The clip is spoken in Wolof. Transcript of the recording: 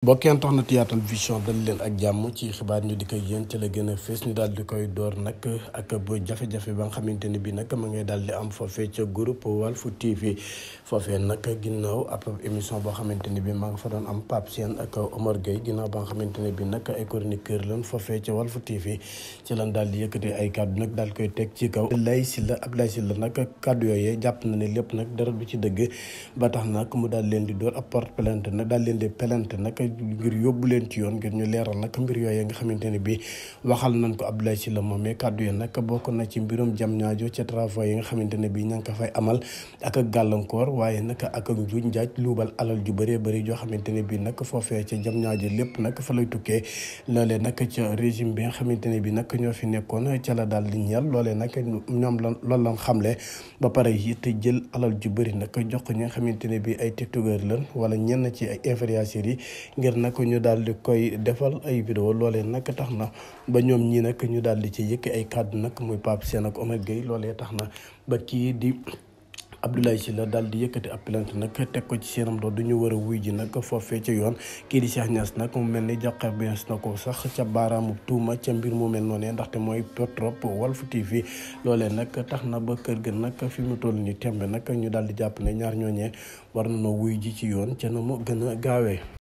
bokkeen tax na Yatal Vision dal ak jàmm ci xibaar ñu di ko yéen ci la gën a fees ñu daal di koy door nag ak ba jafe-jafe ba nga xamante ne bii nag ma ngay daal di am foofee ca groupe Walf TV foofee nag ginnaaw émission boo xamante ne bii maa nga fa doon am Pape Sène ak Omar Gueye ginnaaw ba nga xamante ne bii nag ay chroniqueur lan foofee ca Walf TV ci lan daal di yëkkati ay kàddu nag daal koy teg ci kaw Abdoulaye Sylla Abdoulaye Sylla nag kàddu yooyee jàpp na ne lépp nag dara du ci dëgg ba tax nag mu daal leen di door ab porte plainte nag daal di plainte nag ngir yóbbu leen ci yoon ngir ñu leeral nag mbir yooyu nga xamante ne bii waxal nañ ko Abdoulaye Sylla moomee kàddu yi nag bokk na ci mbirum jam ñaajo ca travaux yi nga xamante ne bii ña ngi ko fay amal ak gàllankoor waaye nag ak ak njuuj njaaj luubal ju bëree bëri joo xamante ne bii nag foofee ca jam ñaajo lépp nag fa lay tukkee loolee nag ca régime bi nga xamante ne bii nag ñoo fi nekkoon ca la daal di ñeel loolee nag ñoom lan loolu lan xamle ba pare te jël alal ju bari nag jox ko ñi nga xamante ne bii ay tiktokeur lan wala ñenn ci ay influenceurs yi ngir nag ñu daal di koy defal ay vidéo loole nag tax na ba ñoom ñii nag ñu daal di ci yëkk ay kàddu nag muy Pape seen ak Omar Gueye loolee tax na ba kii di. Abdoulaye Sylla daal di yëkkati ab plainte nag teg ko ci seenam doo du ñu war a wuy ji nag foofee ca yoon kii di Cheikh Niass nag mu mel ni jàqar bees na ko sax ca baaraamu tuuma ca mbir mu mel noonee ndaxte mooy Petrop Walf TV loolee nag tax na ba kër ga nag fi mu toll ni tembe nag ñu daal di jàpp ne ñaar ñooñee war nañoo wuy ji ci yoon ca na mu gën a gaawee